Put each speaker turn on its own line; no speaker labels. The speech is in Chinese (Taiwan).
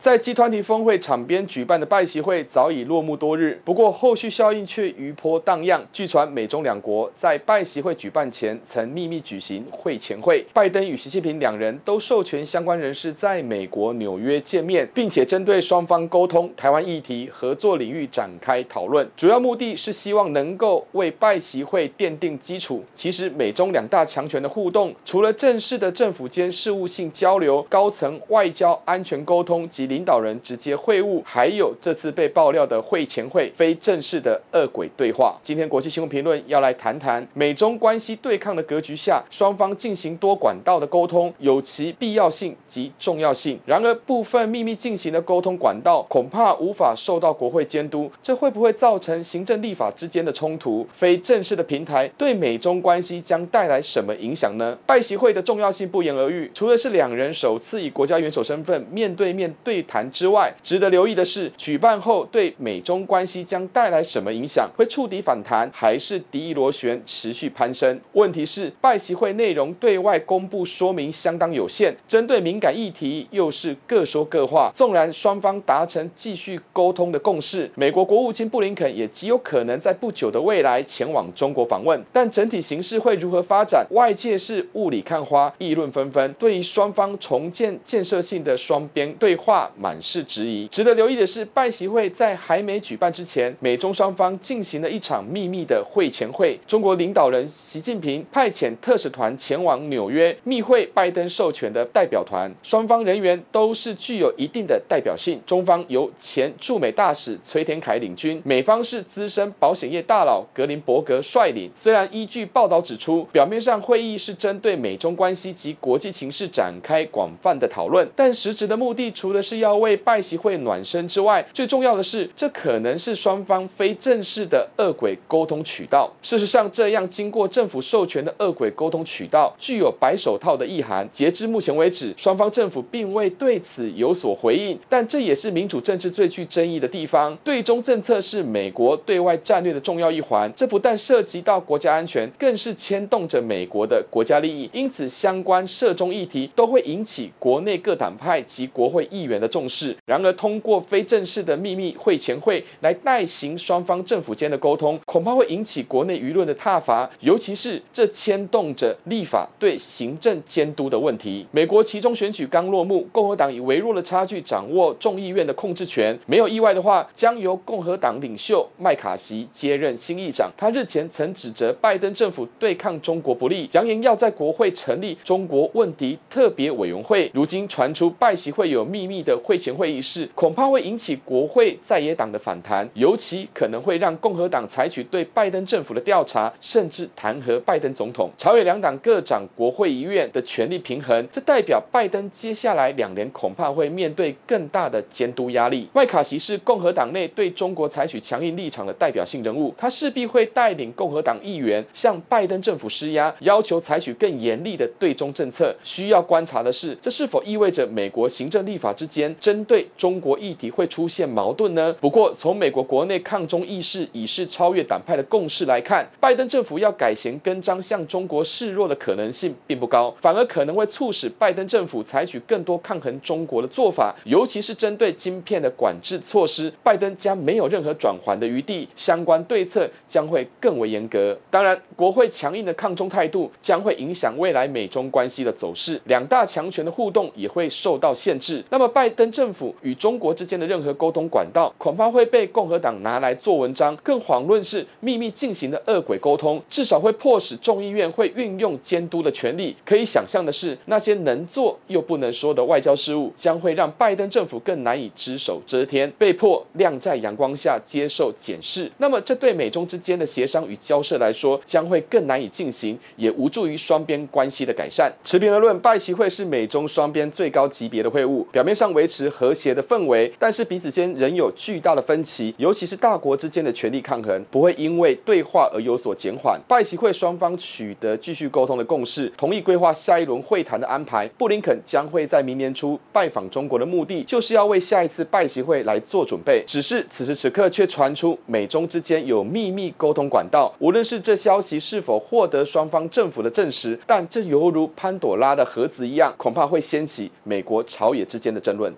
在集團體峰會場邊舉辦的拜習會早已落幕多日，不過後續效應卻餘波蕩漾。據傳，美中兩國在拜習會舉辦前曾秘密舉行會前會，拜登與習近平兩人都授權相關人士在美國紐約見面，並且針對雙方溝通台灣議題合作領域展開討論，主要目的是希望能夠為拜習會奠定基礎。其實，美中兩大強權的互動，除了正式的政府間事務性交流、高層外交安全溝通及領導人直接會晤，還有這次被爆料的會前會非正式的“二軌”對話。今天國際新聞評論要來談談美中關係對抗的格局下，雙方進行多管道的溝通有其必要性及重要性。然而，部分秘密進行的溝通管道恐怕無法受到國會監督，這會不會造成行政立法之間的衝突？非正式的平台對美中關係將帶來什麼影響呢？拜習會的重要性不言而喻，除了是兩人首次以國家元首身份面對面對談之外，值得留意的是，舉辦後對美中關係將帶來什麼影響？會觸底反彈，還是敵意螺旋持續攀升？問題是，拜習會內容對外公布說明相當有限，針對敏感議題又是各說各話。縱然雙方達成繼續溝通的共識，美國國務卿布林肯也極有可能在不久的未來前往中國訪問。但整體形勢會如何發展，外界是霧裡看花，議論紛紛。對於雙方重建建設性的雙邊對話。滿是質疑。值得留意的是，拜習會在還沒舉辦之前，美中雙方進行了一場秘密的會前會。中國領導人習近平派遣特使團前往紐約密會拜登授權的代表團，雙方人員都是具有一定的代表性。中方由前駐美大使崔天凱領軍，美方是資深保險業大佬格林伯格率領。雖然依據報道指出，表面上會議是針對美中關係及國際情勢展開廣泛的討論，但實質的目的除了是要為拜習會暖身之外，最重要的是，這可能是雙方非正式的二軌溝通渠道。事實上，這樣經過政府授權的二軌溝通渠道具有白手套的意涵。截至目前為止，雙方政府並未對此有所回應。但這也是民主政治最具爭議的地方。對中政策是美國對外戰略的重要一環，這不但涉及到國家安全，更是牽動着美國的國家利益。因此，相關涉中議題都會引起國內各黨派及國會議員的。重視。然而，通過非正式的秘密會前會來代行雙方政府間的溝通，恐怕會引起國內輿論的撻伐，尤其是這牽動着立法對行政監督的問題。美國期中選舉剛落幕，共和黨以微弱的差距掌握眾議院的控制權，沒有意外的話，將由共和黨領袖麥卡錫接任新議長。他日前曾指責拜登政府對抗中國不力，揚言要在國會成立中國問題特別委員會。如今傳出拜習會有秘密的會前會一事恐怕會引起國會在野黨的反彈，尤其可能會讓共和黨採取對拜登政府的調查，甚至彈劾拜登總統。朝野兩黨各掌國會一院的權力平衡，這代表拜登接下來兩年恐怕會面對更大的監督壓力。麥卡錫是共和黨內對中國採取強硬立場的代表性人物，他勢必會帶領共和黨議員向拜登政府施壓，要求採取更嚴厲的對中政策。需要觀察的是，這是否意味着美國行政立法之間。針對中國議題會出現矛盾呢？不過從美國國內抗中意識已是超越黨派的共識來看，拜登政府要改弦更張向中國示弱的可能性並不高，反而可能會促使拜登政府採取更多抗衡中國的做法，尤其是針對晶片的管制措施，拜登將沒有任何轉圜的餘地，相關對策將會更為嚴格。當然，國會強硬的抗中態度將會影響未來美中關係的走勢，兩大強權的互動也會受到限制。那麼拜。拜登政府與中國之間的任何溝通管道，恐怕會被共和黨拿來做文章，更遑論是秘密進行的惡鬼溝通。至少會迫使眾議院會運用監督的權利。可以想象的是，那些能做又不能說的外交事務，將會讓拜登政府更難以只手遮天，被迫晾在陽光下接受檢視。那麼，這對美中之間的協商與交涉來說，將會更難以進行，也無助於雙邊關係的改善。持平而論，拜習會是美中雙邊最高級別的會晤，表面上為維持和諧的氛圍，但是彼此間仍有巨大的分歧，尤其是大國之間的權力抗衡不會因為對話而有所減緩。拜習會雙方取得繼續溝通的共識，同意規劃下一輪會談的安排。布林肯將會在明年初拜訪中國的目的，就是要為下一次拜習會來做準備。只是此時此刻卻傳出美中之間有秘密溝通管道，無論是這消息是否獲得雙方政府的證實，但這猶如潘朵拉的盒子一樣，恐怕會掀起美國朝野之間的爭論。